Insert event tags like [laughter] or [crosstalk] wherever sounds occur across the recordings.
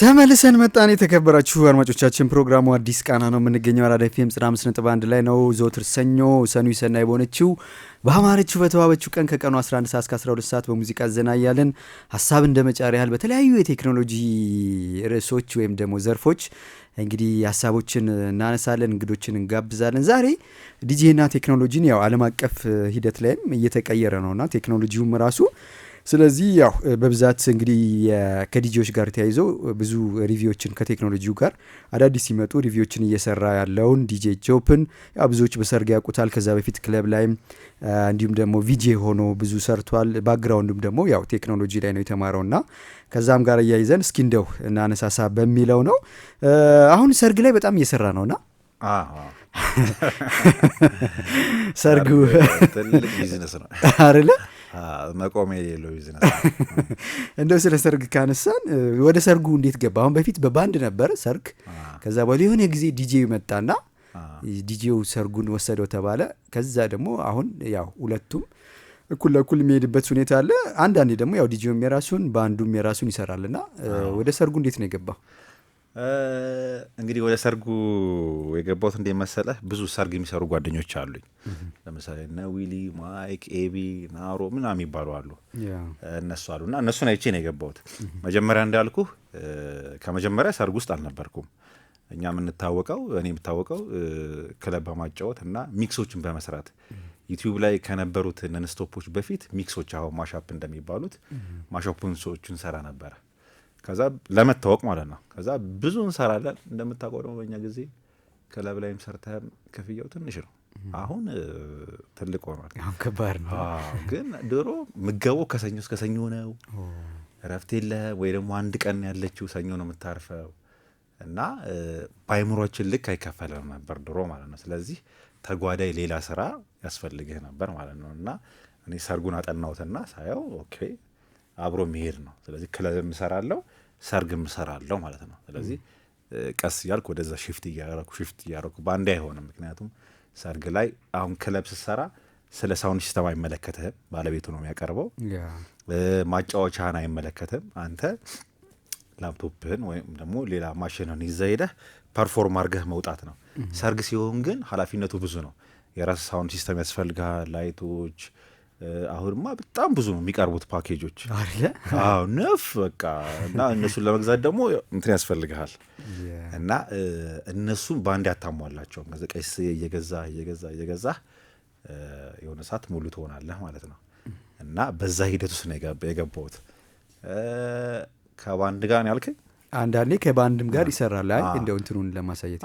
ተመልሰን መጣን። የተከበራችሁ አድማጮቻችን ፕሮግራሙ አዲስ ቃና ነው የምንገኘው። አራዳ ኤፍ ኤም ዘጠና አምስት ነጥብ አንድ ላይ ነው። ዘወትር ሰኞ ሰኑ ሰናይ በሆነችው በአማረችው በተዋበችው ቀን ከቀኑ 11 ሰዓት እስከ 12 ሰዓት በሙዚቃ ዘናያለን። ሀሳብ እንደ መጫር ያህል በተለያዩ የቴክኖሎጂ ርዕሶች ወይም ደግሞ ዘርፎች እንግዲህ ሀሳቦችን እናነሳለን፣ እንግዶችን እንጋብዛለን። ዛሬ ዲጄና ቴክኖሎጂን ያው ዓለም አቀፍ ሂደት ላይም እየተቀየረ ነውና ቴክኖሎጂውም ራሱ ስለዚህ ያው በብዛት እንግዲህ ከዲጂዎች ጋር ተያይዘው ብዙ ሪቪዎችን ከቴክኖሎጂው ጋር አዳዲስ ሲመጡ ሪቪዎችን እየሰራ ያለውን ዲጄ ጆፕን ያው ብዙዎች በሰርግ ያውቁታል። ከዛ በፊት ክለብ ላይም እንዲሁም ደግሞ ቪጄ ሆኖ ብዙ ሰርቷል። ባክግራውንድም ደግሞ ያው ቴክኖሎጂ ላይ ነው የተማረው የተማረውና ከዛም ጋር እያይዘን እስኪ እንደው እናነሳሳ በሚለው ነው። አሁን ሰርግ ላይ በጣም እየሰራ ነው ና ሰርጉ ትልቅ ቢዝነስ ነው አይደለ? መቆም የሌለው ቢዝነስ። [laughs] እንደው ስለ ሰርግ ካነሳን ወደ ሰርጉ እንዴት ገባ? አሁን በፊት በባንድ ነበረ ሰርግ። ከዛ በኋላ የሆነ ጊዜ ዲጄ መጣና ዲጄው ሰርጉን ወሰደው ተባለ። ከዛ ደግሞ አሁን ያው ሁለቱም እኩል ለእኩል የሚሄድበት ሁኔታ አለ። አንዳንዴ ደግሞ ያው ዲጄውም የራሱን ባንዱም የራሱን ይሰራልና ወደ ሰርጉ እንዴት ነው የገባው? እንግዲህ ወደ ሰርጉ የገባሁት እንደ መሰለ ብዙ ሰርግ የሚሰሩ ጓደኞች አሉኝ። ለምሳሌ እነ ዊሊ፣ ማይክ፣ ኤቢ፣ ናሮ ምና የሚባሉ አሉ። እነሱ አሉ እና እነሱን አይቼ ነው የገባሁት። መጀመሪያ እንዳልኩህ ከመጀመሪያ ሰርግ ውስጥ አልነበርኩም። እኛ የምንታወቀው እኔ የምታወቀው ክለብ በማጫወት እና ሚክሶችን በመስራት ዩቲዩብ ላይ ከነበሩት ነንስቶፖች በፊት ሚክሶች አሁን ማሻፕ እንደሚባሉት ማሻፑን ሰዎቹን ሰራ ነበረ ከዛ ለመታወቅ ማለት ነው። ከዛ ብዙ እንሰራለን። እንደምታውቀው ደግሞ በእኛ ጊዜ ክለብ ላይም ሰርተህም ክፍያው ትንሽ ነው። አሁን ትልቅ ሆኗል። ከባድ ነው። ግን ድሮ ምገባው ከሰኞ እስከ ሰኞ ነው። እረፍት የለህም ወይ ደግሞ አንድ ቀን ያለችው ሰኞ ነው የምታርፈው እና በአይምሮችን ልክ አይከፈልም ነበር ድሮ ማለት ነው። ስለዚህ ተጓዳይ ሌላ ስራ ያስፈልግህ ነበር ማለት ነው። እና እኔ ሰርጉን አጠናሁትና ሳየው ኦኬ አብሮ መሄድ ነው። ስለዚህ ክለብ የምሰራለው ሰርግ የምሰራለው ማለት ነው። ስለዚህ ቀስ እያልኩ ወደዛ ሽፍት እያረኩ ሽፍት እያረኩ በአንዴ አይሆንም። ምክንያቱም ሰርግ ላይ አሁን ክለብ ስትሰራ ስለ ሳውንድ ሲስተም አይመለከትህም፣ ባለቤቱ ነው የሚያቀርበው። ማጫወቻህን አይመለከትም። አንተ ላፕቶፕህን ወይም ደግሞ ሌላ ማሽንህን ይዘህ ሄደህ ፐርፎርም አድርገህ መውጣት ነው። ሰርግ ሲሆን ግን ኃላፊነቱ ብዙ ነው። የራስ ሳውንድ ሲስተም ያስፈልጋል ላይቶች አሁንማ በጣም ብዙ ነው የሚቀርቡት ፓኬጆች አለ። አዎ ነፍ በቃ እና እነሱን ለመግዛት ደግሞ እንትን ያስፈልግሃል እና እነሱም በአንድ ያታሟላቸውም ከዚ ቀስ እየገዛ እየገዛ እየገዛ የሆነ ሰዓት ሙሉ ትሆናለህ ማለት ነው። እና በዛ ሂደት ውስጥ ነው የገባሁት። ከባንድ ጋር ነው ያልከኝ? አንዳንዴ ከባንድም ጋር ይሰራል። አይ እንደው እንትኑን ለማሳየት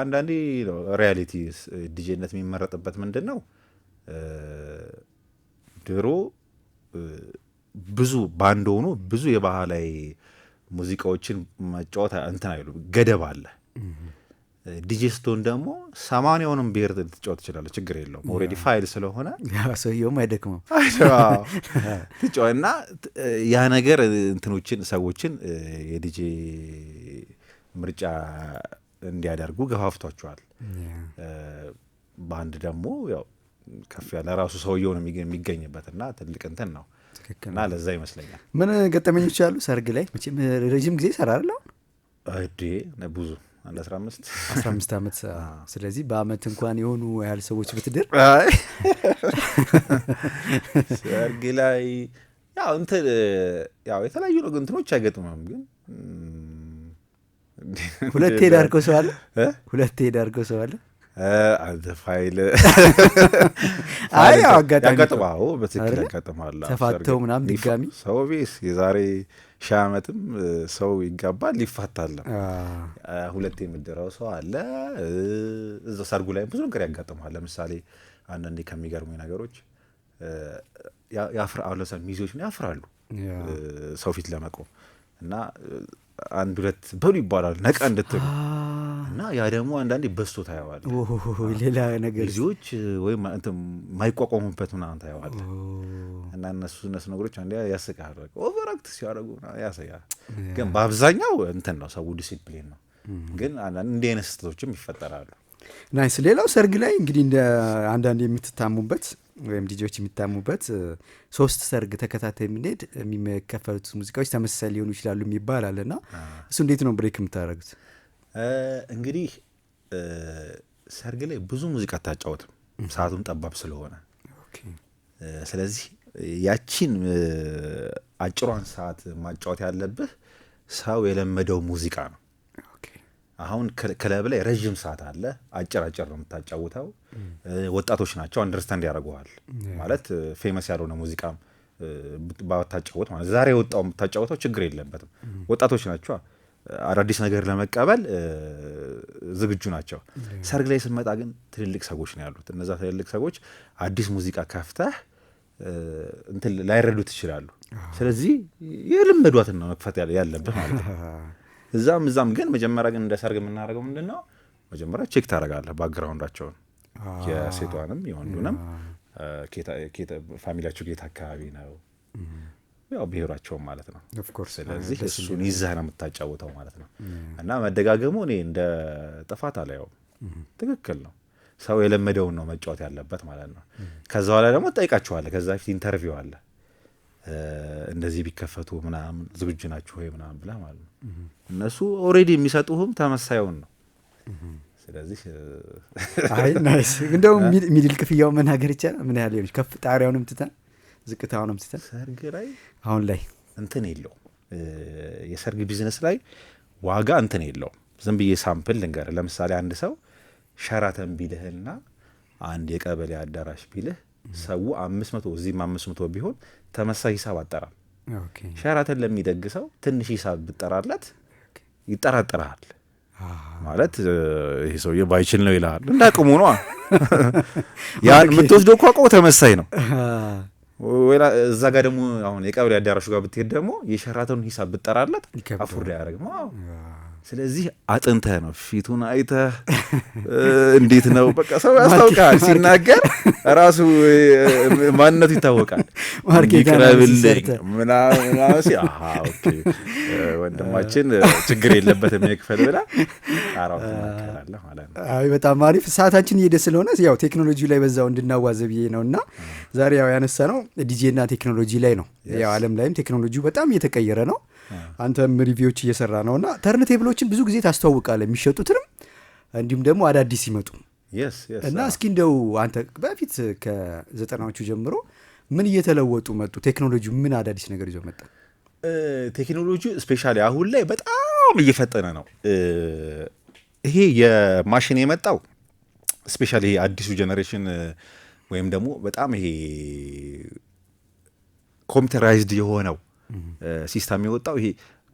አንዳንዴ ነው ሪያሊቲ ዲጄነት የሚመረጥበት ምንድን ነው ድሮ ብዙ ባንድ ሆኖ ብዙ የባህላዊ ሙዚቃዎችን መጫወት እንትን አይሉ ገደብ አለ። ዲጄ ስቶን ደግሞ ሰማንያውንም ብሄር ትጫወት ትችላለ፣ ችግር የለውም። ኦልሬዲ ፋይል ስለሆነ ሰውየውም አይደክመው [laughs] ትጫወት እና ያ ነገር እንትኖችን ሰዎችን የዲጄ ምርጫ እንዲያደርጉ ገፋፍቷቸዋል። በአንድ ደግሞ ያው ከፍ ያለ ራሱ ሰውየው ነው የሚገኝበት እና ትልቅ እንትን ነው እና ለዛ ይመስለኛል። ምን ገጠመኞች ያሉ ሰርግ ላይ መቼም ረዥም ጊዜ ይሰራ አለው ብዙ አንድ አስራ አምስት አስራ አምስት ዓመት [laughs] ስለዚህ በአመት እንኳን የሆኑ ያህል ሰዎች ብትድር [laughs] ሰርግ ላይ ያው እንትን ያው የተለያዩ ነው እንትኖች አይገጥምም ግን ሁለቴ ዳርገው ሰው አለ ሁለቴ ዳርገው ሰው አለ አንተ ፋይል [laughs] ያጋጥማው በትክክል ያጋጥማል። ተፋተው ምናምን ድጋሚ ሰው ቤስ የዛሬ ሺህ ዓመትም ሰው ይጋባል ይፋታለም። ሁለት የምድረው ሰው አለ። እዛ ሰርጉ ላይ ብዙ ነገር ያጋጥማል። ለምሳሌ አንዳንዴ ከሚገርሙ ነገሮች ያፍራ አለሰ ሚዜዎች ያፍራሉ ሰው ፊት ለመቆም እና አንድ ሁለት በሉ ይባላል ነቃ እንድትሉ እና ያ ደግሞ አንዳንዴ በስቶ ታየዋል። ሌላ ነገር ጊዜዎች ወይም ማይቋቋሙበት ምናምን ታየዋል። እና እነሱ እነሱ ነገሮች አንዴ ያስቃል። ኦቨር አክት ሲያደርጉ ያሳያል። ግን በአብዛኛው እንትን ነው ሰው ዲሲፕሊን ነው። ግን አንዳንድ እንዲህ አይነት ስህተቶችም ይፈጠራሉ። ናይስ። ሌላው ሰርግ ላይ እንግዲህ እንደ አንዳንድ የምትታሙበት ወይም ዲጆች የሚታሙበት ሶስት ሰርግ ተከታታይ የምንሄድ የሚከፈሉት ሙዚቃዎች ተመሳሳይ ሊሆኑ ይችላሉ የሚባል አለ ና እሱ እንዴት ነው ብሬክ የምታደርጉት? እንግዲህ ሰርግ ላይ ብዙ ሙዚቃ አታጫወትም፣ ሰዓቱም ጠባብ ስለሆነ ስለዚህ ያቺን አጭሯን ሰዓት ማጫወት ያለብህ ሰው የለመደው ሙዚቃ ነው። አሁን ክለብ ላይ ረዥም ሰዓት አለ። አጭር አጭር ነው የምታጫውተው። ወጣቶች ናቸው፣ አንደርስታንድ ያደርገዋል ማለት ፌመስ ያልሆነ ሙዚቃም ባታጫወት ማለት ዛሬ የወጣው የምታጫወተው ችግር የለበትም። ወጣቶች ናቸው፣ አዳዲስ ነገር ለመቀበል ዝግጁ ናቸው። ሰርግ ላይ ስመጣ ግን ትልልቅ ሰዎች ነው ያሉት። እነዛ ትልልቅ ሰዎች አዲስ ሙዚቃ ከፍተህ እንትን ላይረዱ ትችላሉ። ስለዚህ የልመዷትን ነው መክፈት ያለብህ ማለት ነው። [laughs] እዛም እዛም ግን መጀመሪያ ግን እንደ ሰርግ የምናደርገው ምንድን ነው? መጀመሪያ ቼክ ታደርጋለህ ባክግራውንዳቸውን የሴቷንም የወንዱንም ፋሚሊያቸው ጌታ አካባቢ ነው ያው ብሔራቸውም ማለት ነው። ስለዚህ እሱን ይዘህ ነው የምታጫውተው ማለት ነው። እና መደጋገሙ እኔ እንደ ጥፋት አላየውም። ትክክል ነው። ሰው የለመደውን ነው መጫወት ያለበት ማለት ነው። ከዛ በኋላ ደግሞ ጠይቃችኋለ። ከዛ ፊት ኢንተርቪው አለ እንደዚህ ቢከፈቱ ምናምን ዝግጁ ናችሁ ወይ ምናምን ብላ ማለት ነው። እነሱ ኦልሬዲ የሚሰጡህም ተመሳዩን ነው። ስለዚህ ናይስ። እንደውም ሚድል ክፍያው ምን ሀገር ይቻላል ምን ያህል ሆች ከፍ ጣሪያውንም ትተን ዝቅታውንም ትተን ሰርግ ላይ አሁን ላይ እንትን የለው የሰርግ ቢዝነስ ላይ ዋጋ እንትን የለውም። ዝም ብዬ ሳምፕል ልንገር። ለምሳሌ አንድ ሰው ሸራተን ቢልህና አንድ የቀበሌ አዳራሽ ቢልህ ሰው አምስት መቶ እዚህም አምስት መቶ ቢሆን ተመሳይ ሂሳብ አጠራል። ሸራተን ለሚደግሰው ትንሽ ሂሳብ ብጠራለት ይጠራጠራል። ማለት ይሄ ሰውዬ ባይችል ነው ይልሃል። እንዳቅሙ ነ ያን የምትወስደው ኳቆ ተመሳይ ነው። ወላ እዛ ጋር ደግሞ አሁን የቀበሌ አዳራሹ ጋር ብትሄድ ደግሞ የሸራተኑን ሂሳብ ብጠራለት አፉርዳ ያደረግ ስለዚህ አጥንተህ ነው ፊቱን አይተህ [laughs] እንዴት ነው በቃ ሰው ያስታውቃል። ሲናገር ራሱ ማንነቱ ይታወቃል። ይቅረብልኝ ምናምን [laughs] ወንድማችን ችግር የለበትም የክፈል ብላ ጣራው በጣም አሪፍ ሰዓታችን እየሄደ ስለሆነ ያው ቴክኖሎጂ ላይ በዛው እንድናዋዘ ብዬ ነው እና ዛሬ ያው ያነሳ ነው ዲጄና ቴክኖሎጂ ላይ ነው። ያው አለም ላይም ቴክኖሎጂ በጣም እየተቀየረ ነው። አንተም ሪቪዎች እየሰራ ነው እና ተርን ቴብሎችን ብዙ ጊዜ ታስተዋውቃለ የሚሸጡትንም እንዲሁም ደግሞ አዳዲስ ይመጡ እና እስኪ እንደው አንተ በፊት ከዘጠናዎቹ ጀምሮ ምን እየተለወጡ መጡ? ቴክኖሎጂ ምን አዳዲስ ነገር ይዞ መጣ? ቴክኖሎጂ ስፔሻሊ አሁን ላይ በጣም እየፈጠነ ነው። ይሄ የማሽን የመጣው ስፔሻሊ ይሄ አዲሱ ጀኔሬሽን ወይም ደግሞ በጣም ይሄ ኮምፒውተራይዝድ የሆነው ሲስተም የወጣው ይሄ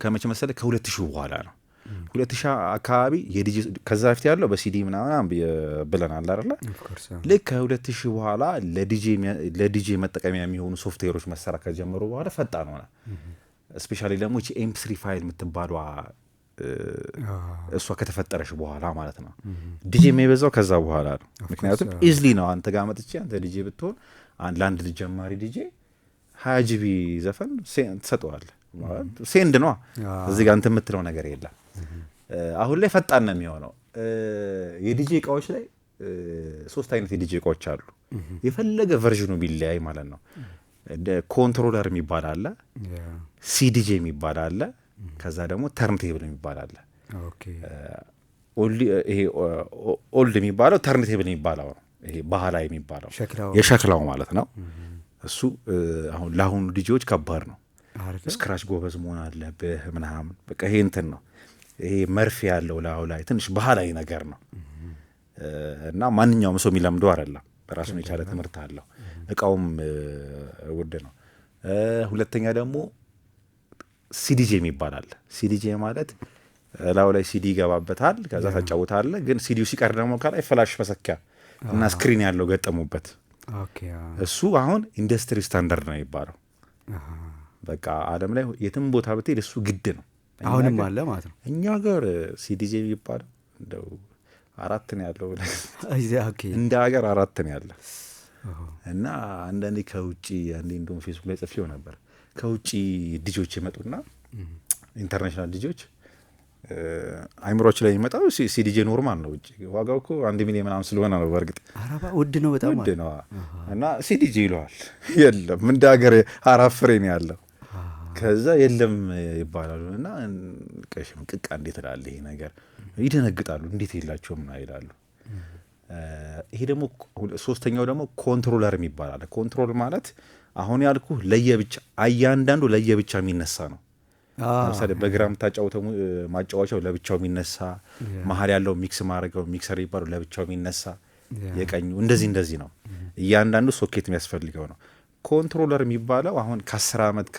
ከመቼ መሰለ ከሁለት ሺህ በኋላ ነው። ሁለት ሺህ አካባቢ የዲጂ ከዛ ፊት ያለው በሲዲ ምናምን ብለናል አይደለ? ልክ ከሁለት ሺህ በኋላ ለዲጂ መጠቀሚያ የሚሆኑ ሶፍትዌሮች መሰራት ከጀመሩ በኋላ ፈጣን ሆነ። ስፔሻሊ ደግሞ ኤምፕስሪ ፋይል የምትባሏ እሷ ከተፈጠረች በኋላ ማለት ነው። ዲጂ የሚበዛው ከዛ በኋላ ነው። ምክንያቱም ኢዝሊ ነው። አንተ ጋር መጥቼ አንተ ዲጂ ብትሆን ለአንድ ጀማሪ ዲጄ ሀያ ዘፈን ሰጠዋል ሴንድ ነ እዚህ ጋር እንትን የምትለው ነገር የለም። አሁን ላይ ፈጣን ነው የሚሆነው። የዲጄ እቃዎች ላይ ሶስት አይነት የዲጄ እቃዎች አሉ። የፈለገ ቨርዥኑ ቢለያይ ማለት ነው። ኮንትሮለር የሚባል አለ፣ ሲዲጄ የሚባል አለ፣ ከዛ ደግሞ ተርን ቴብል የሚባል አለ። ኦልድ የሚባለው ተርን ቴብል የሚባለው ነው። ይሄ ባህላዊ የሚባለው የሸክላው ማለት ነው። እሱ አሁን ለአሁኑ ልጆች ከባድ ነው። ስክራች ጎበዝ መሆን አለብህ ምናምን በቃ ይሄ እንትን ነው። ይሄ መርፌ ያለው ላዩ ላይ ትንሽ ባህላዊ ነገር ነው እና ማንኛውም ሰው የሚለምደው አይደለም። ራሱን የቻለ ትምህርት አለው። እቃውም ውድ ነው። ሁለተኛ ደግሞ ሲዲጄ የሚባል አለ። ሲዲጄ ማለት ላዩ ላይ ሲዲ ይገባበታል፣ ከዛ ታጫውታለ። ግን ሲዲው ሲቀር ደግሞ ከላይ ፍላሽ መሰኪያ እና ስክሪን ያለው ገጠሙበት እሱ አሁን ኢንዱስትሪ ስታንዳርድ ነው የሚባለው። በቃ አለም ላይ የትም ቦታ ብትሄድ እሱ ግድ ነው። አሁንም አለ ማለት ነው። እኛ ጋር ሲዲጄ የሚባለው እንደው አራት ነው ያለው እንደ ሀገር አራት ነው ያለ እና አንዳንዴ ከውጭ አንዴ እንደውም ፌስቡክ ላይ ጽፌው ነበር ከውጭ ልጆች የመጡና ኢንተርናሽናል ልጆች አይምሮች ላይ የሚመጣው ሲዲጄ ኖርማል ነው። ውጭ ዋጋው እኮ አንድ ሚሊዮን ምናምን ስለሆነ ነው። በእርግጥ ውድ ነው፣ በጣም ውድ ነው። እና ሲዲጄ ይለዋል። [laughs] የለም እንደ ሀገር አራት ፍሬ ነው ያለው። ከዛ የለም ይባላሉ። እና ቀሽም ቅቃ እንዴት ላለ ይሄ ነገር ይደነግጣሉ። እንዴት የላቸውም ና ይላሉ። ይሄ ደግሞ ሶስተኛው ደግሞ ኮንትሮለር የሚባል አለ። ኮንትሮል ማለት አሁን ያልኩ ለየብቻ እያንዳንዱ ለየብቻ የሚነሳ ነው ለምሳሌ በግራ የምታጫውተው ማጫወቻው ለብቻው የሚነሳ መሀል ያለው ሚክስ ማድረገው ሚክሰር ይባሉ ለብቻው የሚነሳ የቀኙ እንደዚህ እንደዚህ ነው። እያንዳንዱ ሶኬት የሚያስፈልገው ነው። ኮንትሮለር የሚባለው አሁን ከአስር ዓመት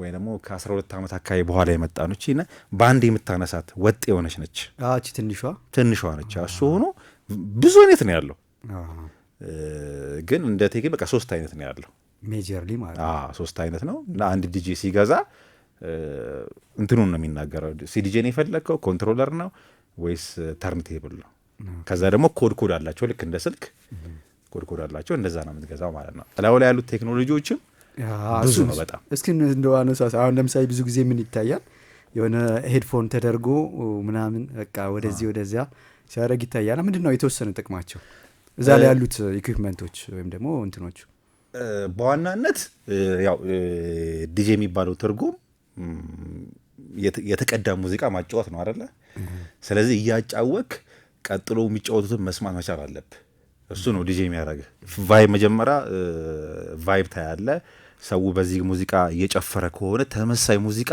ወይ ደግሞ ከአስራ ሁለት ዓመት አካባቢ በኋላ የመጣ ነች። እቺ በአንድ የምታነሳት ወጥ የሆነች ነች። እቺ ትንሿ ትንሿ ነች። እሱ ሆኖ ብዙ አይነት ነው ያለው፣ ግን እንደ ቴክ በቃ ሶስት አይነት ነው ያለው ሜጀርሊ ማለት ሶስት አይነት ነው እና አንድ ዲጄ ሲገዛ እንትኑን ነው የሚናገረው። ሲዲጄን የፈለግከው ኮንትሮለር ነው ወይስ ተርንቴብል ነው? ከዛ ደግሞ ኮድ ኮድ አላቸው። ልክ እንደ ስልክ ኮድ ኮድ አላቸው። እንደዛ ነው የምትገዛው ማለት ነው። ላው ላይ ያሉት ቴክኖሎጂዎችም ብዙ ነው በጣም። እስኪ እንደው አሁን ለምሳሌ ብዙ ጊዜ ምን ይታያል የሆነ ሄድፎን ተደርጎ ምናምን በቃ ወደዚህ ወደዚያ ሲያደርግ ይታያል። ምንድን ነው የተወሰነ ጥቅማቸው እዛ ላይ ያሉት ኢኩፕመንቶች ወይም ደግሞ እንትኖቹ በዋናነት ያው ዲጄ የሚባለው ትርጉም የተቀዳ ሙዚቃ ማጫወት ነው አደለ? ስለዚህ እያጫወክ ቀጥሎ የሚጫወቱትን መስማት መቻል አለብ እሱ ነው ዲጄ የሚያደርግህ። ቫይብ መጀመሪያ ቫይብ ታያለ። ሰው በዚህ ሙዚቃ እየጨፈረ ከሆነ ተመሳይ ሙዚቃ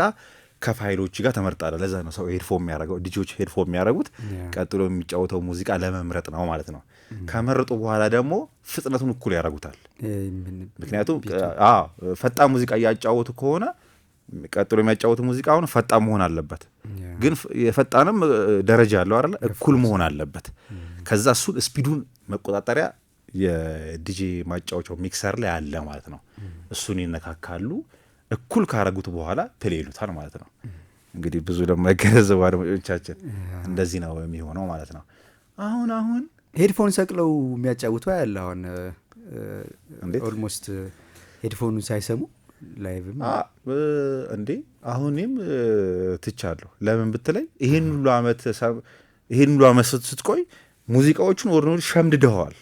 ከፋይሎች ጋር ተመርጣለ። ለዛ ነው ሰው ሄድፎን የሚያደርገው። ዲጄዎች ሄድፎን የሚያደርጉት ቀጥሎ የሚጫወተው ሙዚቃ ለመምረጥ ነው ማለት ነው። ከመረጡ በኋላ ደግሞ ፍጥነቱን እኩል ያደርጉታል። ምክንያቱም ፈጣን ሙዚቃ እያጫወቱ ከሆነ ቀጥሎ የሚያጫወቱ ሙዚቃ አሁን ፈጣን መሆን አለበት፣ ግን የፈጣንም ደረጃ ያለው አለ እኩል መሆን አለበት። mm. ከዛ እሱን ስፒዱን መቆጣጠሪያ የዲጄ ማጫወቻው ሚክሰር ላይ አለ ማለት ነው። mm. እሱን ይነካካሉ። እኩል ካረጉት በኋላ ፕሌ ይሉታል ማለት ነው። mm. እንግዲህ ብዙ ለማይገነዘቡ አድማጮቻችን እንደዚህ ነው የሚሆነው ማለት ነው። አሁን አሁን ሄድፎን ሰቅለው የሚያጫውቱ ያለ አሁን ኦልሞስት ሄድፎኑን ሳይሰሙ ላይቭም እንዴ አሁንም ትቻለሁ። ለምን ብትለኝ ይህን ሁሉ ዓመት ይህን ሁሉ ዓመት ስትቆይ ሙዚቃዎቹን ወደ ሸምድደዋል።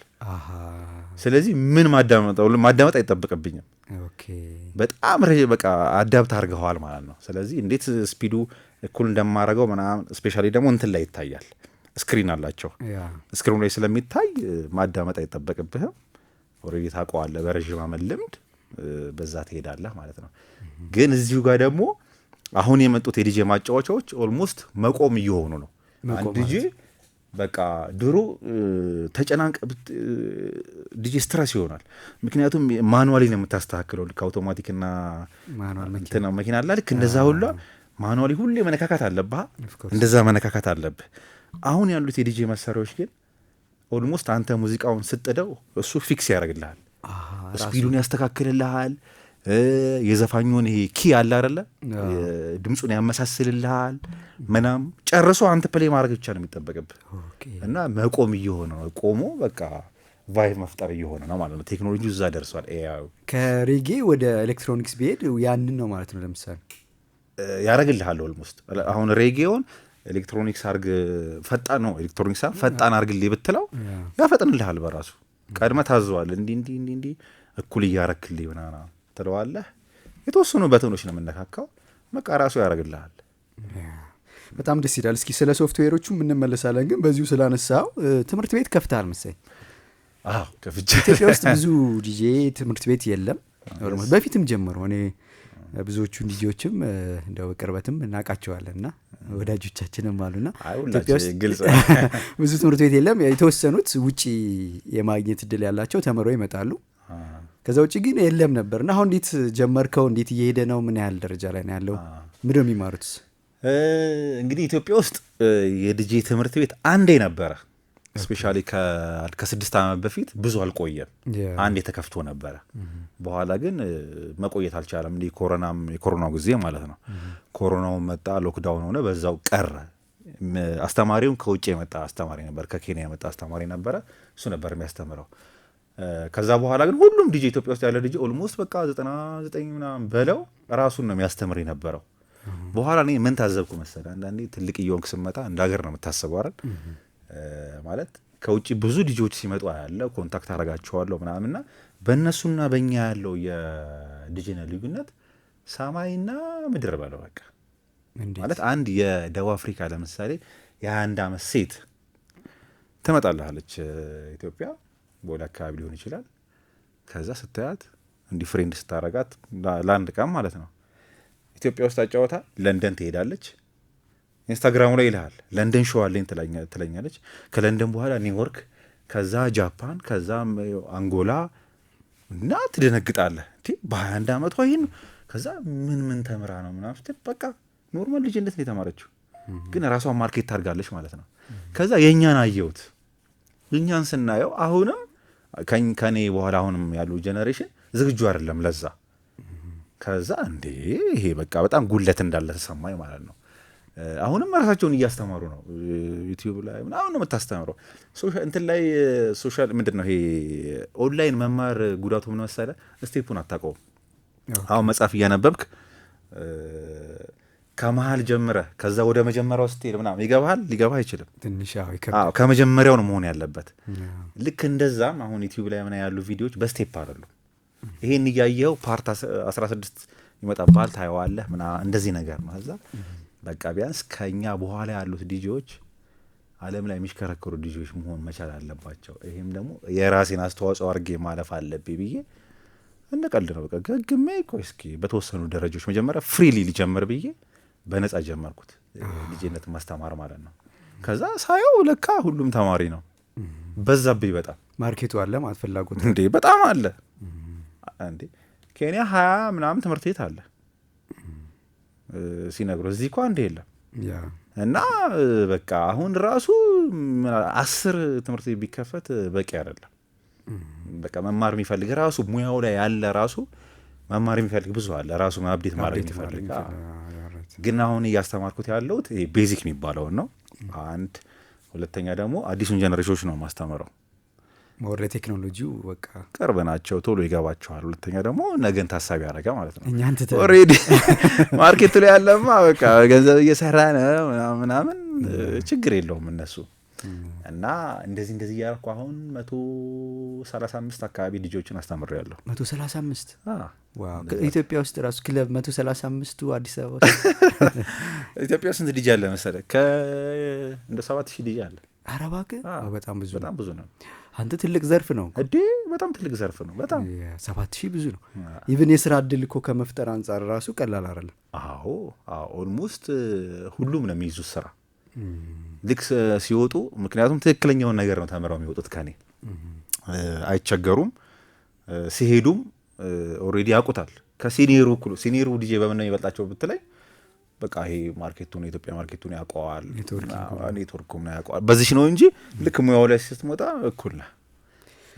ስለዚህ ምን ማዳመጥ አይጠብቅብኝም። በጣም በቃ አዳብት አድርገዋል ማለት ነው። ስለዚህ እንዴት ስፒዱ እኩል እንደማረገው ምናምን ስፔሻሊ ደግሞ እንትን ላይ ይታያል። ስክሪን አላቸው። ስክሪኑ ላይ ስለሚታይ ማዳመጥ አይጠበቅብህም። ኦልሬዲ ታውቀዋለህ በረዥም ዓመት ልምድ በዛ ትሄዳለህ ማለት ነው። ግን እዚሁ ጋር ደግሞ አሁን የመጡት የዲጄ ማጫወቻዎች ኦልሞስት መቆም እየሆኑ ነው። ዲጄ በቃ ድሮ ተጨናንቀ ዲጄ ስትረስ ይሆናል። ምክንያቱም ማኑዋሊ ነው የምታስተካክለው ልክ አውቶማቲክና መኪና አላ ልክ እንደዛ ሁላ ማኑዋሊ ሁሌ መነካካት አለብህ፣ እንደዛ መነካካት አለብህ። አሁን ያሉት የዲጄ መሳሪያዎች ግን ኦልሞስት አንተ ሙዚቃውን ስጥደው እሱ ፊክስ ያደርግልሃል። ስፒዱን ያስተካክልልሃል። የዘፋኙን ይሄ ኪ አለ አደለ ድምፁን ያመሳስልልሃል ምናም ጨርሶ አንተ ፕሌ ማድረግ ብቻ ነው የሚጠበቅብህ እና መቆም እየሆነ ነው ቆሞ በቃ ቫይቭ መፍጠር እየሆነ ነው ማለት ነው። ቴክኖሎጂ እዛ ደርሷል። ከሬጌ ወደ ኤሌክትሮኒክስ ቢሄድ ያንን ነው ማለት ነው። ለምሳሌ ያደረግልሃል ኦልሞስት አሁን ሬጌውን ኤሌክትሮኒክስ አርግ ፈጣን ነው ኤሌክትሮኒክስ ፈጣን አርግልኝ ብትለው ያፈጥንልሃል በራሱ ቀድመ ታዘዋል። እንዲ እንዲ እንዲ እንዲ እኩል እያረክልኝ ምናና ትለዋለህ። የተወሰኑ በትኖች ነው የምነካካው። በቃ ራሱ ያደርግልሃል። በጣም ደስ ይላል። እስኪ ስለ ሶፍትዌሮቹ እንመለሳለን፣ ግን በዚሁ ስላነሳው ትምህርት ቤት ከፍተሃል መሰለኝ። አዎ ከፍቼ። ኢትዮጵያ ውስጥ ብዙ [laughs] ዲጄ ትምህርት ቤት የለም። በፊትም ጀምሮ እኔ ብዙዎቹን ዲጄዎችም እንደው ቅርበትም እናውቃቸዋለን እና ወዳጆቻችንም አሉና ኢትዮጵያ ውስጥ [laughs] ብዙ ትምህርት ቤት የለም። የተወሰኑት ውጭ የማግኘት እድል ያላቸው ተምረው ይመጣሉ። ከዛ ውጭ ግን የለም ነበር እና አሁን እንዴት ጀመርከው? እንዴት እየሄደ ነው? ምን ያህል ደረጃ ላይ ነው ያለው? ምንድን የሚማሩት? እንግዲህ ኢትዮጵያ ውስጥ የድጄ ትምህርት ቤት አንዴ ነበረ ስፔሻሊ ከስድስት ዓመት በፊት ብዙ አልቆየም። አንድ የተከፍቶ ነበረ። በኋላ ግን መቆየት አልቻለም። ኮሮናም የኮሮናው ጊዜ ማለት ነው። ኮሮናው መጣ፣ ሎክዳውን ሆነ፣ በዛው ቀረ። አስተማሪውም ከውጭ የመጣ አስተማሪ ነበር፣ ከኬንያ የመጣ አስተማሪ ነበረ። እሱ ነበር የሚያስተምረው። ከዛ በኋላ ግን ሁሉም ዲጄ ኢትዮጵያ ውስጥ ያለ ዲጄ ኦልሞስት በቃ ዘጠና ዘጠኝ ምናምን በለው ራሱን ነው የሚያስተምር የነበረው። በኋላ እኔ ምን ታዘብኩ መሰለህ፣ አንዳንዴ ትልቅ እየሆንክ ስመጣ እንደ ሀገር ነው የምታስበው አይደል ማለት ከውጭ ብዙ ልጆች ሲመጡ ያለ ኮንታክት አረጋቸዋለሁ ምናምንና በእነሱና በእኛ ያለው የልጅነ ልዩነት ሰማይና ምድር በለው በቃ ማለት አንድ የደቡብ አፍሪካ ለምሳሌ የአንድ አመት ሴት ትመጣልሃለች ኢትዮጵያ ወደ አካባቢ ሊሆን ይችላል። ከዛ ስታያት እንዲህ ፍሬንድ ስታረጋት ለአንድ ቀን ማለት ነው ኢትዮጵያ ውስጥ አጫወታ ለንደን ትሄዳለች። ኢንስታግራሙ ላይ ይልሃል ለንደን ሾው አለኝ ትለኛለች። ከለንደን በኋላ ኒውዮርክ፣ ከዛ ጃፓን፣ ከዛ አንጎላ እና ትደነግጣለህ። በ21 ዓመቷ ይህን ከዛ ምን ምን ተምራ ነው ምናምን በቃ ኖርማል ልጅነት ነው የተማረችው፣ ግን ራሷን ማርኬት ታርጋለች ማለት ነው። ከዛ የእኛን አየሁት። የእኛን ስናየው አሁንም ከኔ በኋላ አሁንም ያሉ ጀኔሬሽን ዝግጁ አይደለም ለዛ። ከዛ እንዴ ይሄ በቃ በጣም ጉለት እንዳለ ተሰማኝ ማለት ነው። አሁንም ራሳቸውን እያስተማሩ ነው። ዩቲዩብ ላይ ምናምን ነው የምታስተምረው። እንትን ላይ ሶሻል ምንድን ነው ይሄ ኦንላይን መማር ጉዳቱ ምን መሰለህ? ስቴፑን አታውቀውም። አሁን መጽሐፍ እያነበብክ ከመሀል ጀምረ ከዛ ወደ መጀመሪያው ስትሄድ ምናምን ይገባሃል፣ ሊገባህ አይችልም። ከመጀመሪያው ነው መሆን ያለበት። ልክ እንደዛም አሁን ዩቲዩብ ላይ ምና ያሉ ቪዲዮዎች በስቴፕ አይደሉም። ይሄን እያየኸው ፓርት 16 ይመጣብሃል፣ ታየዋለህ እንደዚህ ነገር ነው እዛ በቃ ቢያንስ ከእኛ በኋላ ያሉት ዲጂዎች ዓለም ላይ የሚሽከረከሩ ዲጂዎች መሆን መቻል አለባቸው። ይህም ደግሞ የራሴን አስተዋጽኦ አድርጌ ማለፍ አለብኝ ብዬ እንደ ቀልድ ነው በቃ ገግሜ ቆይ እስኪ በተወሰኑ ደረጃዎች መጀመሪያ ፍሪሊ ሊጀምር ብዬ በነጻ ጀመርኩት ልጅነት ማስተማር ማለት ነው። ከዛ ሳየው ለካ ሁሉም ተማሪ ነው። በዛብኝ በጣም ማርኬቱ አለ ማለት ፈላጎት እንዴ በጣም አለ እንዴ ኬንያ ሀያ ምናምን ትምህርት ቤት አለ ሲነግሩ እዚህ እኮ አንድ የለም እና በቃ አሁን ራሱ አስር ትምህርት ቤት ቢከፈት በቂ አይደለም። በቃ መማር የሚፈልግ ራሱ ሙያው ላይ ያለ ራሱ መማር የሚፈልግ ብዙ አለ። ራሱ አብዴት ማድረግ የሚፈልግ ግን አሁን እያስተማርኩት ያለሁት ቤዚክ የሚባለውን ነው። አንድ ሁለተኛ ደግሞ አዲሱን ጀኔሬሽኖች ነው ማስተምረው መወር ለቴክኖሎጂው በቃ ቅርብ ናቸው፣ ቶሎ ይገባቸዋል። ሁለተኛ ደግሞ ነገን ታሳቢ ያደረገ ማለት ነው። እኛን ትተህ ኦልሬዲ ማርኬቱ ላይ ያለማ በቃ ገንዘብ እየሰራ ነው ምናምን ችግር የለውም እነሱ እና እንደዚህ እንደዚህ እያልኩ አሁን መቶ ሰላሳ አምስት አካባቢ ልጆችን አስተምሬያለሁ። መቶ ሰላሳ አምስት ኢትዮጵያ ውስጥ ራሱ ክለብ መቶ ሰላሳ አምስቱ አዲስ አበባ ውስጥ [laughs] ኢትዮጵያ ስንት ልጅ አለ መሰለህ? እንደ ሰባት ሺህ ልጅ አለ። ኧረ እባክህ በጣም ብዙ በጣም ብዙ ነው። አንተ ትልቅ ዘርፍ ነው እዴ በጣም ትልቅ ዘርፍ ነው። በጣም ሰባት ሺህ ብዙ ነው። ኢቭን የስራ እድል እኮ ከመፍጠር አንጻር ራሱ ቀላል አይደለም። አዎ ኦልሞስት ሁሉም ነው የሚይዙት ስራ ልክ ሲወጡ፣ ምክንያቱም ትክክለኛውን ነገር ነው ተምረው የሚወጡት ከኔ አይቸገሩም። ሲሄዱም ኦልሬዲ ያውቁታል። ከሲኒየሩ እኩል ሲኒየሩ ዲጄ በምን ነው የሚበልጣቸው ብትለኝ በቃ ይሄ ማርኬቱን የኢትዮጵያ ማርኬቱን ያውቀዋል፣ ኔትወርኩም ነው ያውቀዋል። በዚህ ነው እንጂ ልክ ሙያው ላይ ስትመጣ እኩል ነህ።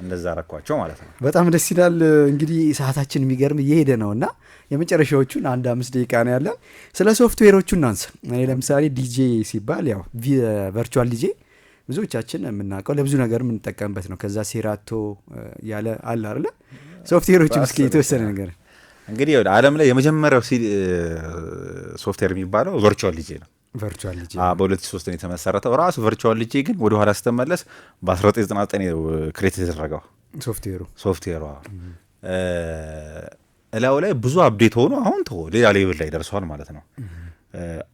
እንደዛ ረኳቸው ማለት ነው። በጣም ደስ ይላል። እንግዲህ ሰዓታችን የሚገርም እየሄደ ነው እና የመጨረሻዎቹን አንድ አምስት ደቂቃ ነው ያለን። ስለ ሶፍትዌሮቹ እናንስ። እኔ ለምሳሌ ዲጄ ሲባል ያው ቨርቹዋል ዲጄ ብዙዎቻችን የምናውቀው ለብዙ ነገር የምንጠቀምበት ነው። ከዛ ሴራቶ ያለ አለ አለ ሶፍትዌሮች እስኪ የተወሰነ ነገር እንግዲህ ዓለም ላይ የመጀመሪያው ሶፍትዌር የሚባለው ቨርቹዋል ልጄ ነው። ቨርቹዋል ልጄ በ2003 ነው የተመሰረተው። ራሱ ቨርቹዋል ልጄ ግን ወደኋላ ስተመለስ በ1999 ክሬት የተደረገው ሶፍትዌሩ ሶፍትዌሩ እላው ላይ ብዙ አብዴት ሆኖ አሁን ተ ሌላ ሌብል ላይ ደርሰዋል ማለት ነው።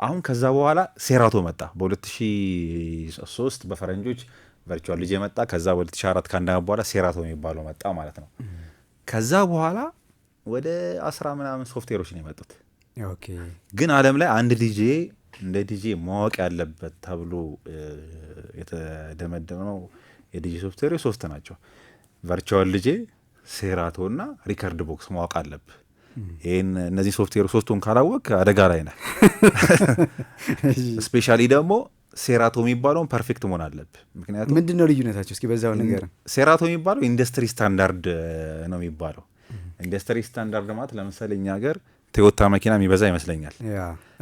አሁን ከዛ በኋላ ሴራቶ መጣ በ2003 በፈረንጆች ቨርቹዋል ልጄ መጣ። ከዛ በ2004 ከአንድ በኋላ ሴራቶ የሚባለው መጣ ማለት ነው። ከዛ በኋላ ወደ አስራ ምናምን ሶፍትዌሮች ነው የመጡት። ግን አለም ላይ አንድ ዲጄ እንደ ዲጄ ማወቅ ያለበት ተብሎ የተደመደመው የዲጄ ሶፍትዌሮች ሶስት ናቸው። ቨርቹዋል ዲጄ፣ ሴራቶ እና ሪከርድ ቦክስ ማወቅ አለብ ይህን እነዚህ ሶፍትዌሮች ሶስቱን ካላወቅ አደጋ ላይ ነህ። [laughs] ስፔሻሊ ደግሞ ሴራቶ የሚባለውን ፐርፌክት መሆን አለብ ምክንያቱም ምንድነው ልዩነታቸው? እስኪ በዛው ነገር ሴራቶ የሚባለው ኢንዱስትሪ ስታንዳርድ ነው የሚባለው ኢንዱስትሪ ስታንዳርድ ማለት ለምሳሌ እኛ ሀገር ቶዮታ መኪና የሚበዛ ይመስለኛል።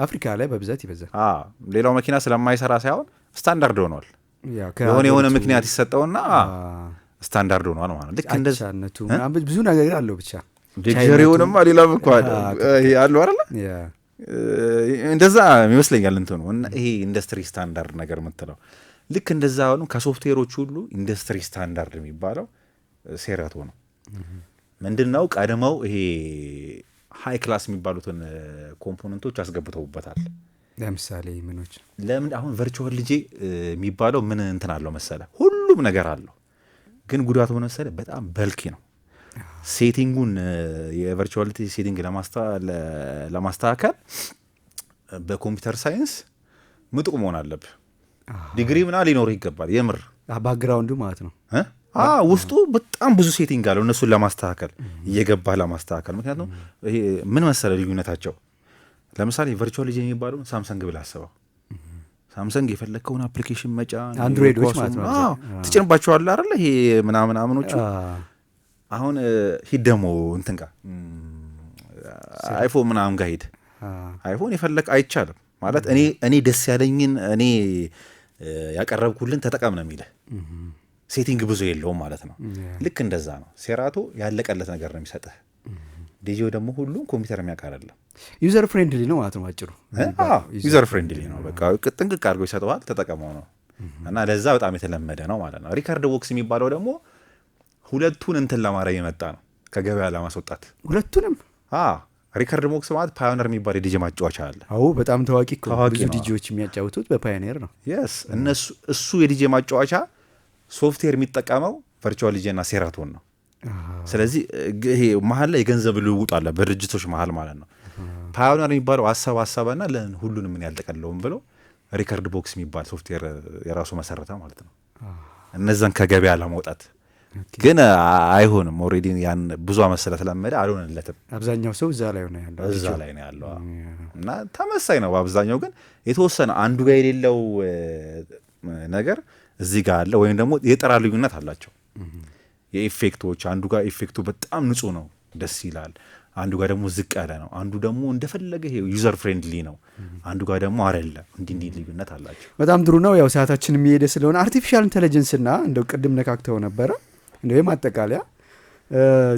አፍሪካ ላይ በብዛት ይበዛ። ሌላው መኪና ስለማይሰራ ሳይሆን ስታንዳርድ ሆኗል። የሆነ የሆነ ምክንያት ይሰጠውና ስታንዳርድ ሆኗል ማለት ልክ እንደነቱ ብዙ ነገር አለው። ብቻ ሪሆንማ ሌላ ብኳ አሉ አለ እንደዛ ይመስለኛል እንትኑ ይሄ ኢንዱስትሪ ስታንዳርድ ነገር የምትለው ልክ እንደዛ ሆኑ ከሶፍትዌሮች ሁሉ ኢንዱስትሪ ስታንዳርድ የሚባለው ሴራቶ ነው። ምንድን ነው ቀድመው ይሄ ሀይ ክላስ የሚባሉትን ኮምፖነንቶች አስገብተውበታል። ለምሳሌ ምኖች ለምን አሁን ቨርቹዋል ልጄ የሚባለው ምን እንትን አለው መሰለ ሁሉም ነገር አለው፣ ግን ጉዳቱ ምን መሰለ በጣም በልኪ ነው። ሴቲንጉን የቨርቹዋሊቲ ሴቲንግ ለማስተካከል በኮምፒውተር ሳይንስ ምጡቅ መሆን አለብህ። ዲግሪ ምና ሊኖርህ ይገባል። የምር ባክግራውንዱ ማለት ነው ውስጡ በጣም ብዙ ሴቲንግ አለው እነሱን ለማስተካከል እየገባህ ለማስተካከል። ምክንያቱም ምን መሰለ ልዩነታቸው፣ ለምሳሌ ቨርቹዋል የሚባለውን ሳምሰንግ ብላ አስበው። ሳምሰንግ የፈለግከውን አፕሊኬሽን መጫን አንድሮይዶች ማለት ነው ትጭንባቸዋለህ አይደለ? ይሄ ምናምን አምኖቹ አሁን ሂድ ደግሞ እንትን ጋር አይፎን ምናምን ጋር ሂድ። አይፎን የፈለግ አይቻልም ማለት እኔ እኔ ደስ ያለኝን እኔ ያቀረብኩልን ተጠቀም ነው የሚልህ ሴቲንግ ብዙ የለውም ማለት ነው። ልክ እንደዛ ነው። ሴራቶ ያለቀለት ነገር ነው የሚሰጥህ። ዲጂው ደግሞ ሁሉም ኮምፒውተር የሚያውቅ አይደለም። ዩዘር ፍሬንድሊ ነው ማለት ነው። አጭሩ ዩዘር ፍሬንድሊ ነው። በቃ ጥንቅቅ አድርጎ ይሰጠዋል። ተጠቀመው ነው እና ለዛ በጣም የተለመደ ነው ማለት ነው። ሪካርድ ቦክስ የሚባለው ደግሞ ሁለቱን እንትን ለማድረግ የመጣ ነው፣ ከገበያ ለማስወጣት ሁለቱንም። ሪካርድ ቦክስ ማለት ፓዮነር የሚባል የዲጂ ማጫወቻ አለ። አዎ በጣም ታዋቂ ብዙ ዲጂዎች የሚያጫውቱት በፓዮኔር ነው። የስ እነሱ እሱ የዲጂ ማጫወቻ ሶፍትዌር የሚጠቀመው ቨርቹዋል ጂና ሴራቶን ነው። ስለዚህ ይሄ መሀል ላይ የገንዘብ ልውውጥ አለ በድርጅቶች መሀል ማለት ነው። ፓዮኒር የሚባለው ሀሳብ ሀሳባና ሁሉን ምን ያልጠቀለውም ብሎ ሪከርድ ቦክስ የሚባል ሶፍትዌር የራሱ መሰረተ ማለት ነው። እነዛን ከገበያ ለመውጣት ግን አይሆንም። ኦልሬዲ ያን ብዙ አመት ስለተለመደ አልሆንለትም። አብዛኛው ሰው እዛ ላይ ነው ያለው እዛ ላይ ነው ያለው እና ተመሳይ ነው። በአብዛኛው ግን የተወሰነ አንዱ ጋር የሌለው ነገር እዚህ ጋር አለ ወይም ደግሞ የጠራ ልዩነት አላቸው። የኢፌክቶች አንዱ ጋር ኢፌክቱ በጣም ንጹህ ነው፣ ደስ ይላል። አንዱ ጋር ደግሞ ዝቅ ያለ ነው። አንዱ ደግሞ እንደፈለገ ዩዘር ፍሬንድሊ ነው። አንዱ ጋር ደግሞ አረለ እንዲህ እንዲህ ልዩነት አላቸው። በጣም ጥሩ ነው። ያው ሰዓታችን የሚሄደ ስለሆነ አርቲፊሻል ኢንቴሊጀንስና እንደው ቅድም ነካክተው ነበረ እንደው አጠቃለያ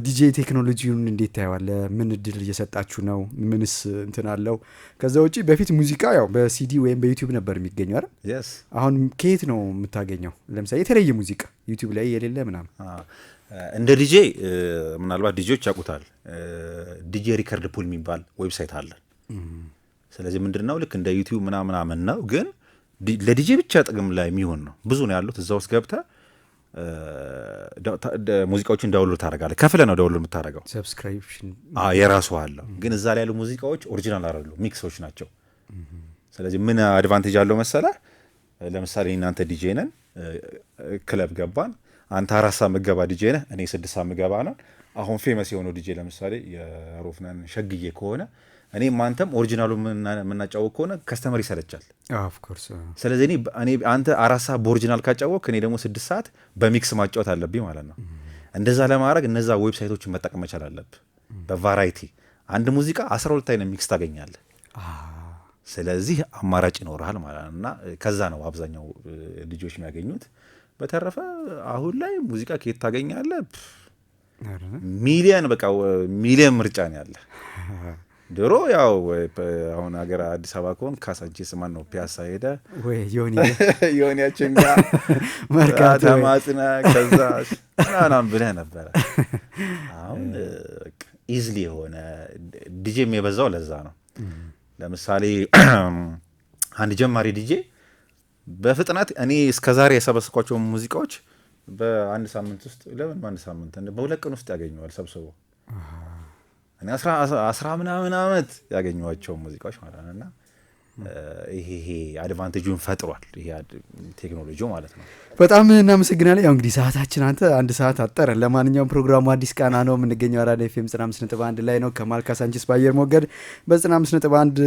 ዲጄ ቴክኖሎጂውን እንዴት ታየዋለ? ምን እድል እየሰጣችሁ ነው? ምንስ እንትን አለው? ከዛ ውጭ በፊት ሙዚቃ ያው በሲዲ ወይም በዩቲዩብ ነበር የሚገኘው አይደል? አሁን ከየት ነው የምታገኘው? ለምሳሌ የተለየ ሙዚቃ ዩቲዩብ ላይ የሌለ ምናምን እንደ ዲጄ ምናልባት ዲጄዎች ያውቁታል። ዲጄ ሪከርድ ፑል የሚባል ዌብሳይት አለ ስለዚህ ምንድን ነው ልክ እንደ ዩቲዩብ ምናምናምን ነው፣ ግን ለዲጄ ብቻ ጥቅም ላይ የሚሆን ነው። ብዙ ነው ያሉት እዛ ውስጥ ገብተህ ሙዚቃዎችን ዳውንሎድ ታደርጋለህ። ከፍለ ነው ዳውንሎድ የምታደርገው። ሰብስክሪፕሽን የራሱ አለው፣ ግን እዛ ላይ ያሉ ሙዚቃዎች ኦሪጂናል አይደሉም፣ ሚክሶች ናቸው። ስለዚህ ምን አድቫንቴጅ አለው መሰለ? ለምሳሌ እናንተ ዲጄ ነን፣ ክለብ ገባን። አንተ አራት ሰዓት ምገባ ዲጄ ነህ፣ እኔ ስድስት ሰዓት ምገባ ነን። አሁን ፌመስ የሆነው ዲጄ ለምሳሌ የሮፍናን ሸግዬ ከሆነ እኔም አንተም ኦሪጂናሉ የምናጫወቅ ከሆነ ከስተመር ይሰለቻል። uh. ስለዚህ እኔ አንተ አራት ሰዓት በኦሪጂናል ካጫወቅ እኔ ደግሞ ስድስት ሰዓት በሚክስ ማጫወት አለብኝ ማለት ነው። mm-hmm. እንደዛ ለማድረግ እነዛ ዌብሳይቶች መጠቀም መቻል አለብ። በቫራይቲ አንድ ሙዚቃ አስራ ሁለት አይነት ሚክስ ታገኛለህ። ah. ስለዚህ አማራጭ ይኖርሃል ማለት ነው እና ከዛ ነው አብዛኛው ልጆች የሚያገኙት። በተረፈ አሁን ላይ ሙዚቃ ከየት ታገኛለ? ሚሊየን በቃ ሚሊየን ምርጫ ነው ያለ [laughs] ድሮ ያው አሁን ሀገር አዲስ አበባ ከሆን ካሳንቺስ ማን ነው ፒያሳ ሄደ ዮኒያችን ጋር ተማጽነ ከዛ ናናም ብለህ ነበረ። [laughs] አሁን ኢዝሊ የሆነ ዲጄ የሚበዛው ለዛ ነው። ለምሳሌ [clears throat] አንድ ጀማሪ ዲጄ በፍጥነት እኔ እስከዛሬ የሰበስኳቸው ሙዚቃዎች በአንድ ሳምንት ውስጥ ለምን በአንድ ሳምንት በሁለት ቀን ውስጥ ያገኘዋል ሰብስቦ አስራ ምናምን አመት ያገኟቸውን ሙዚቃዎች ማለት ነው እና ይሄ አድቫንቴጁን ፈጥሯል ይሄ ቴክኖሎጂ ማለት ነው። በጣም እናመሰግናለን። ያው እንግዲህ ሰዓታችን አንተ አንድ ሰዓት አጠረ። ለማንኛውም ፕሮግራሙ አዲስ ቃና ነው የምንገኘው አራዳ ኤፍኤም ዘጠና አምስት ነጥብ አንድ ላይ ነው። ከማልካ ሳንቺስ በአየር ሞገድ በዘጠና አምስት ነጥብ አንድ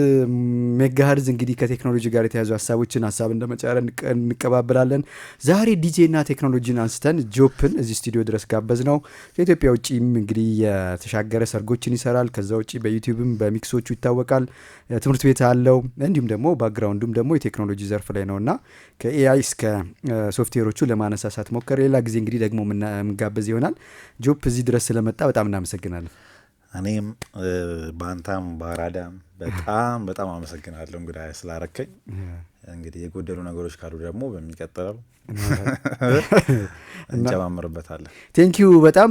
ሜጋሃርዝ። እንግዲህ ከቴክኖሎጂ ጋር የተያዙ ሀሳቦችን ሀሳብ እንደ መጫረ እንቀባበላለን። ዛሬ ዲጄ እና ቴክኖሎጂን አንስተን ጆፕን እዚህ ስቱዲዮ ድረስ ጋበዝ ነው። ከኢትዮጵያ ውጭም እንግዲህ የተሻገረ ሰርጎችን ይሰራል። ከዛ ውጭ በዩቲዩብም በሚክሶቹ ይታወቃል። ትምህርት ቤት አለው። እንዲሁም ደግሞ ባክግራውንዱም ደግሞ የቴክኖሎጂ ዘርፍ ላይ ነው እና ከኤአይ እስከ ሶፍት ሴክተሮቹ ለማነሳሳት ሞከር። ሌላ ጊዜ እንግዲህ ደግሞ የምጋበዝ ይሆናል። ጆፕ እዚህ ድረስ ስለመጣ በጣም እናመሰግናለን። እኔም በአንታም በአራዳም በጣም በጣም አመሰግናለሁ እንግዳ ስላረከኝ። እንግዲህ የጎደሉ ነገሮች ካሉ ደግሞ በሚቀጥለው እንጨማምርበታለን። ቴንኪዩ በጣም